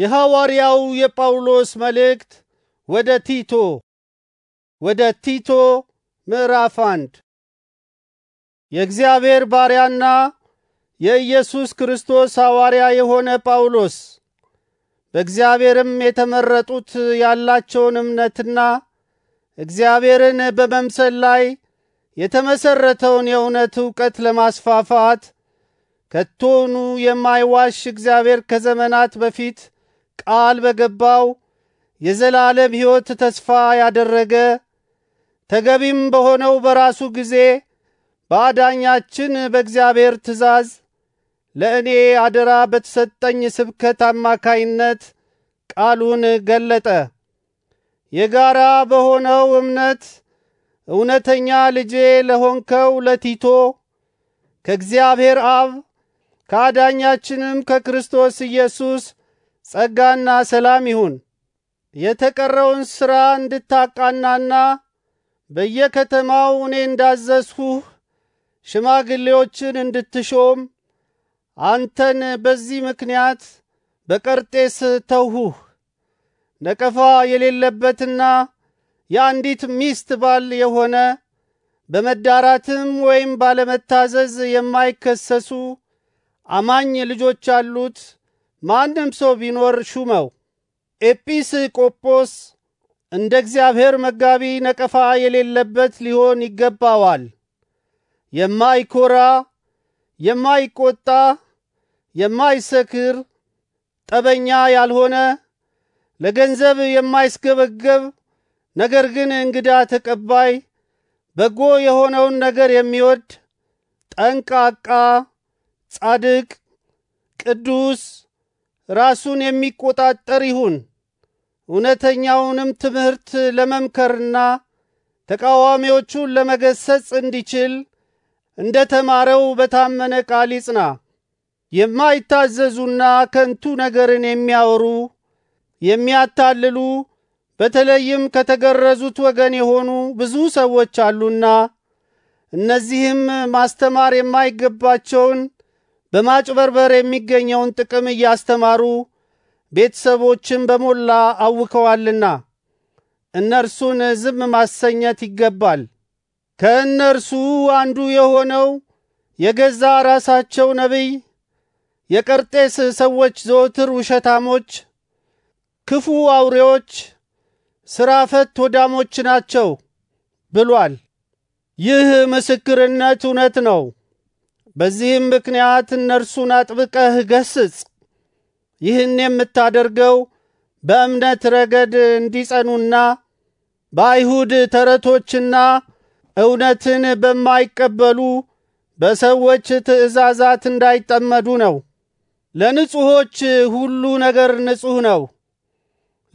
የሐዋርያው የጳውሎስ መልእክት ወደ ቲቶ ወደ ቲቶ ምዕራፍ አንድ የእግዚአብሔር ባሪያና የኢየሱስ ክርስቶስ ሐዋርያ የሆነ ጳውሎስ በእግዚአብሔርም የተመረጡት ያላቸውን እምነትና እግዚአብሔርን በመምሰል ላይ የተመሰረተውን የእውነት እውቀት ለማስፋፋት ከቶኑ የማይዋሽ እግዚአብሔር ከዘመናት በፊት ቃል በገባው የዘላለም ሕይወት ተስፋ ያደረገ ተገቢም በሆነው በራሱ ጊዜ በአዳኛችን በእግዚአብሔር ትእዛዝ ለእኔ አደራ በተሰጠኝ ስብከት አማካይነት ቃሉን ገለጠ። የጋራ በሆነው እምነት እውነተኛ ልጄ ለሆንከው ለቲቶ ከእግዚአብሔር አብ ከአዳኛችንም ከክርስቶስ ኢየሱስ ጸጋና ሰላም ይሁን። የተቀረውን ሥራ እንድታቃናና በየከተማው እኔ እንዳዘዝሁህ ሽማግሌዎችን እንድትሾም አንተን በዚህ ምክንያት በቀርጤስ ተውሁህ። ነቀፋ የሌለበትና የአንዲት ሚስት ባል የሆነ በመዳራትም ወይም ባለመታዘዝ የማይከሰሱ አማኝ ልጆች አሉት ማንም ሰው ቢኖር ሹመው። ቆጶስ እንደ እግዚአብሔር መጋቢ ነቀፋ የሌለበት ሊሆን ይገባዋል። የማይኮራ፣ የማይቆጣ፣ የማይሰክር፣ ጠበኛ ያልሆነ፣ ለገንዘብ የማይስገበገብ ነገር ግን እንግዳ ተቀባይ፣ በጎ የሆነውን ነገር የሚወድ ጠንቃቃ፣ ጻድቅ፣ ቅዱስ፣ ራሱን የሚቆጣጠር ይሁን። እውነተኛውንም ትምህርት ለመምከርና ተቃዋሚዎቹን ለመገሰጽ እንዲችል እንደ ተማረው በታመነ ቃል ይጽና። የማይታዘዙና ከንቱ ነገርን የሚያወሩ የሚያታልሉ፣ በተለይም ከተገረዙት ወገን የሆኑ ብዙ ሰዎች አሉና እነዚህም ማስተማር የማይገባቸውን በማጭበርበር የሚገኘውን ጥቅም እያስተማሩ ቤተሰቦችን በሞላ አውከዋልና እነርሱን ዝም ማሰኘት ይገባል። ከእነርሱ አንዱ የሆነው የገዛ ራሳቸው ነቢይ የቀርጤስ ሰዎች ዘወትር ውሸታሞች፣ ክፉ አውሬዎች፣ ሥራ ፈት ወዳሞች ናቸው ብሏል። ይህ ምስክርነት እውነት ነው። በዚህም ምክንያት እነርሱን አጥብቀህ ገስጽ። ይህን የምታደርገው በእምነት ረገድ እንዲጸኑና በአይሁድ ተረቶችና እውነትን በማይቀበሉ በሰዎች ትእዛዛት እንዳይጠመዱ ነው። ለንጹሖች ሁሉ ነገር ንጹሕ ነው፣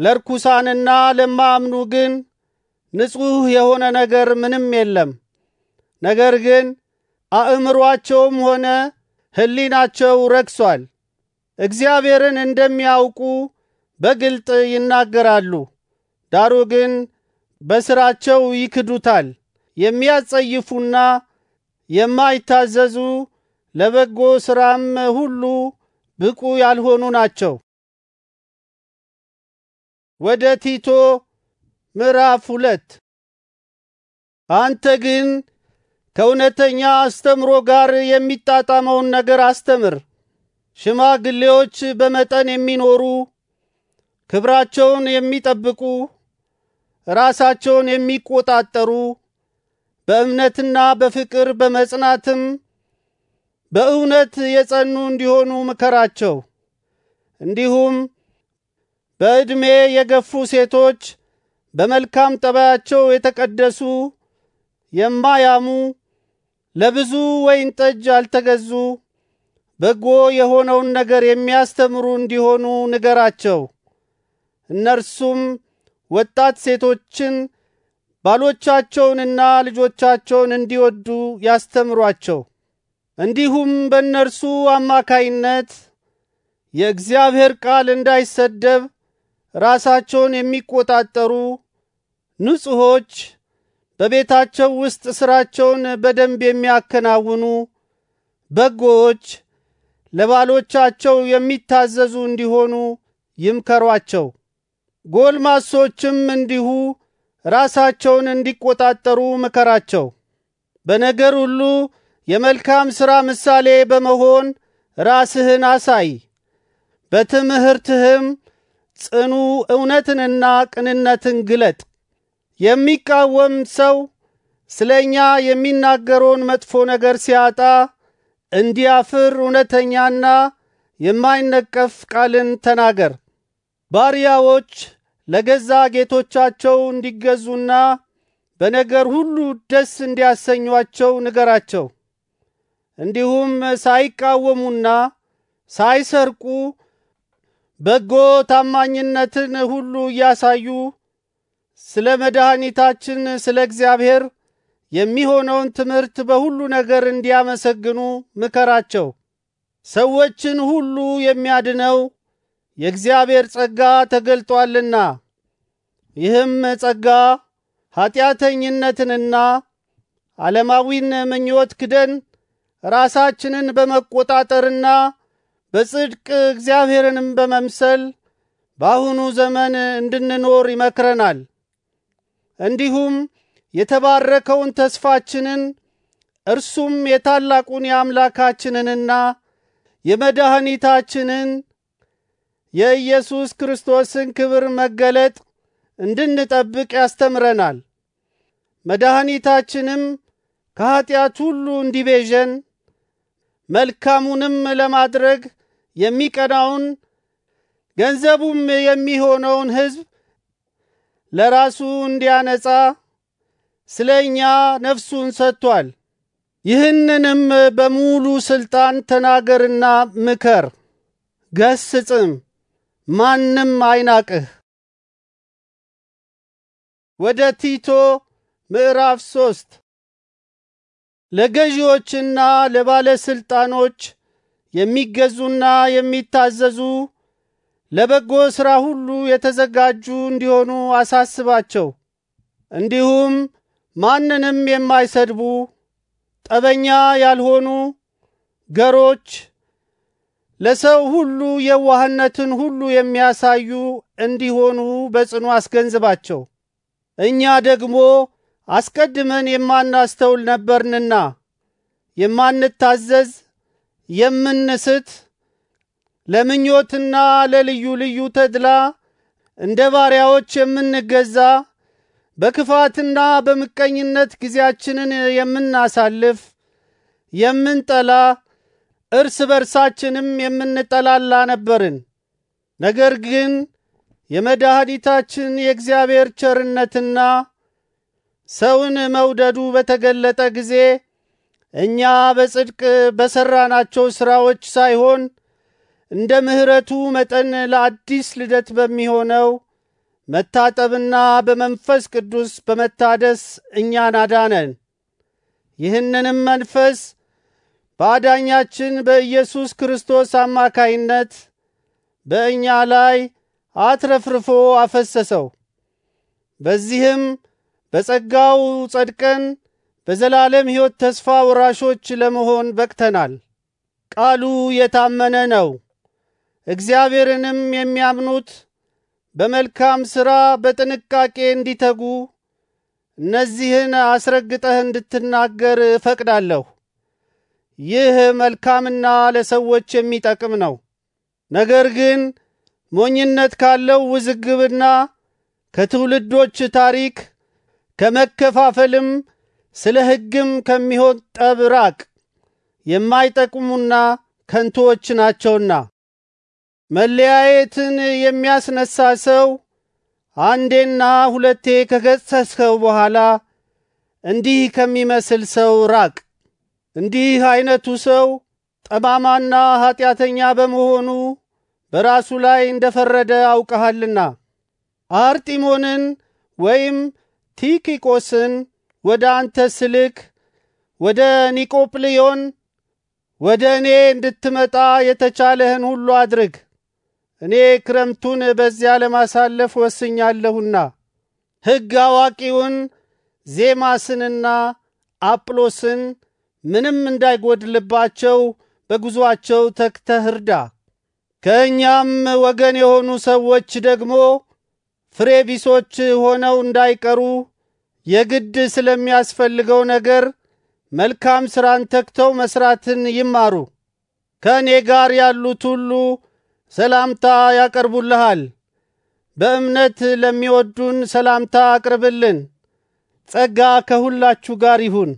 ለርኩሳንና ለማያምኑ ግን ንጹሕ የሆነ ነገር ምንም የለም። ነገር ግን አእምሮአቸውም ሆነ ሕሊናቸው ረክሷል። እግዚአብሔርን እንደሚያውቁ በግልጥ ይናገራሉ፣ ዳሩ ግን በስራቸው ይክዱታል። የሚያጸይፉና የማይታዘዙ ለበጎ ስራም ሁሉ ብቁ ያልሆኑ ናቸው። ወደ ቲቶ ምዕራፍ ሁለት አንተ ግን ከእውነተኛ አስተምሮ ጋር የሚጣጣመውን ነገር አስተምር። ሽማግሌዎች በመጠን የሚኖሩ ክብራቸውን የሚጠብቁ ራሳቸውን የሚቆጣጠሩ በእምነትና በፍቅር በመጽናትም በእውነት የጸኑ እንዲሆኑ ምከራቸው። እንዲሁም በዕድሜ የገፉ ሴቶች በመልካም ጠባያቸው የተቀደሱ የማያሙ ለብዙ ወይን ጠጅ አልተገዙ፣ በጎ የሆነውን ነገር የሚያስተምሩ እንዲሆኑ ንገራቸው። እነርሱም ወጣት ሴቶችን ባሎቻቸውንና ልጆቻቸውን እንዲወዱ ያስተምሯቸው። እንዲሁም በእነርሱ አማካይነት የእግዚአብሔር ቃል እንዳይሰደብ ራሳቸውን የሚቆጣጠሩ ንጹሖች በቤታቸው ውስጥ ስራቸውን በደንብ የሚያከናውኑ በጎች ለባሎቻቸው የሚታዘዙ እንዲሆኑ ይምከሯቸው። ጎልማሶችም እንዲሁ ራሳቸውን እንዲቆጣጠሩ ምከራቸው። በነገር ሁሉ የመልካም ሥራ ምሳሌ በመሆን ራስህን አሳይ። በትምህርትህም ጽኑ እውነትንና ቅንነትን ግለጥ። የሚቃወም ሰው ስለ እኛ የሚናገረውን መጥፎ ነገር ሲያጣ እንዲያፍር እውነተኛና የማይነቀፍ ቃልን ተናገር። ባሪያዎች ለገዛ ጌቶቻቸው እንዲገዙና በነገር ሁሉ ደስ እንዲያሰኟቸው ንገራቸው። እንዲሁም ሳይቃወሙና ሳይሰርቁ በጎ ታማኝነትን ሁሉ እያሳዩ ስለ መድኃኒታችን ስለ እግዚአብሔር የሚሆነውን ትምህርት በሁሉ ነገር እንዲያመሰግኑ ምከራቸው። ሰዎችን ሁሉ የሚያድነው የእግዚአብሔር ጸጋ ተገልጧልና፣ ይህም ጸጋ ኀጢአተኝነትንና ዓለማዊን ምኞት ክደን ራሳችንን በመቆጣጠርና በጽድቅ እግዚአብሔርንም በመምሰል በአሁኑ ዘመን እንድንኖር ይመክረናል። እንዲሁም የተባረከውን ተስፋችንን እርሱም የታላቁን የአምላካችንንና የመድኃኒታችንን የኢየሱስ ክርስቶስን ክብር መገለጥ እንድንጠብቅ ያስተምረናል። መድኃኒታችንም ከኀጢአት ሁሉ እንዲቤዠን መልካሙንም ለማድረግ የሚቀናውን ገንዘቡም የሚሆነውን ሕዝብ ለራሱ እንዲያነጻ ስለ እኛ ነፍሱን ሰጥቷል። ይህንንም በሙሉ ስልጣን ተናገርና ምከር፣ ገስጽም፣ ማንም አይናቅህ። ወደ ቲቶ ምዕራፍ ሶስት ለገዢዎችና ለባለስልጣኖች የሚገዙና የሚታዘዙ ለበጎ ሥራ ሁሉ የተዘጋጁ እንዲሆኑ አሳስባቸው። እንዲሁም ማንንም የማይሰድቡ ጠበኛ ያልሆኑ ገሮች፣ ለሰው ሁሉ የዋህነትን ሁሉ የሚያሳዩ እንዲሆኑ በጽኑ አስገንዝባቸው። እኛ ደግሞ አስቀድመን የማናስተውል ነበርንና የማንታዘዝ የምንስት ለምኞትና ለልዩ ልዩ ተድላ እንደ ባሪያዎች የምንገዛ በክፋትና በምቀኝነት ጊዜያችንን የምናሳልፍ የምንጠላ፣ እርስ በርሳችንም የምንጠላላ ነበርን። ነገር ግን የመድኃኒታችን የእግዚአብሔር ቸርነትና ሰውን መውደዱ በተገለጠ ጊዜ እኛ በጽድቅ በሰራናቸው ሥራዎች ሳይሆን እንደ ምሕረቱ መጠን ለአዲስ ልደት በሚሆነው መታጠብና በመንፈስ ቅዱስ በመታደስ እኛን አዳነን። ይህንንም መንፈስ በአዳኛችን በኢየሱስ ክርስቶስ አማካይነት በእኛ ላይ አትረፍርፎ አፈሰሰው። በዚህም በጸጋው ጸድቀን በዘላለም ሕይወት ተስፋ ወራሾች ለመሆን በቅተናል። ቃሉ የታመነ ነው። እግዚአብሔርንም የሚያምኑት በመልካም ሥራ በጥንቃቄ እንዲተጉ እነዚህን አስረግጠህ እንድትናገር እፈቅዳለሁ። ይህ መልካምና ለሰዎች የሚጠቅም ነው። ነገር ግን ሞኝነት ካለው ውዝግብና ከትውልዶች ታሪክ ከመከፋፈልም ስለ ሕግም ከሚሆን ጠብ ራቅ። የማይጠቅሙና ከንቱዎች ናቸውና። መለያየትን የሚያስነሳ ሰው አንዴና ሁለቴ ከገሰስከው በኋላ እንዲህ ከሚመስል ሰው ራቅ። እንዲህ አይነቱ ሰው ጠማማና ኀጢአተኛ በመሆኑ በራሱ ላይ እንደፈረደ አውቀሃልና። አርጢሞንን ወይም ቲኪቆስን ወደ አንተ ስልክ ወደ ኒቆጵልዮን ወደ እኔ እንድትመጣ የተቻለህን ሁሉ አድርግ። እኔ ክረምቱን በዚያ ለማሳለፍ ወስኛለሁና ሕግ አዋቂውን ዜማስንና አጵሎስን ምንም እንዳይጎድልባቸው በጉዞአቸው ተክተህ እርዳ። ከእኛም ወገን የሆኑ ሰዎች ደግሞ ፍሬ ቢሶች ሆነው እንዳይቀሩ የግድ ስለሚያስፈልገው ነገር መልካም ስራን ተክተው መስራትን ይማሩ። ከእኔ ጋር ያሉት ሁሉ ሰላምታ ያቀርቡልሃል። በእምነት ለሚወዱን ሰላምታ አቅርብልን። ጸጋ ከሁላችሁ ጋር ይሁን።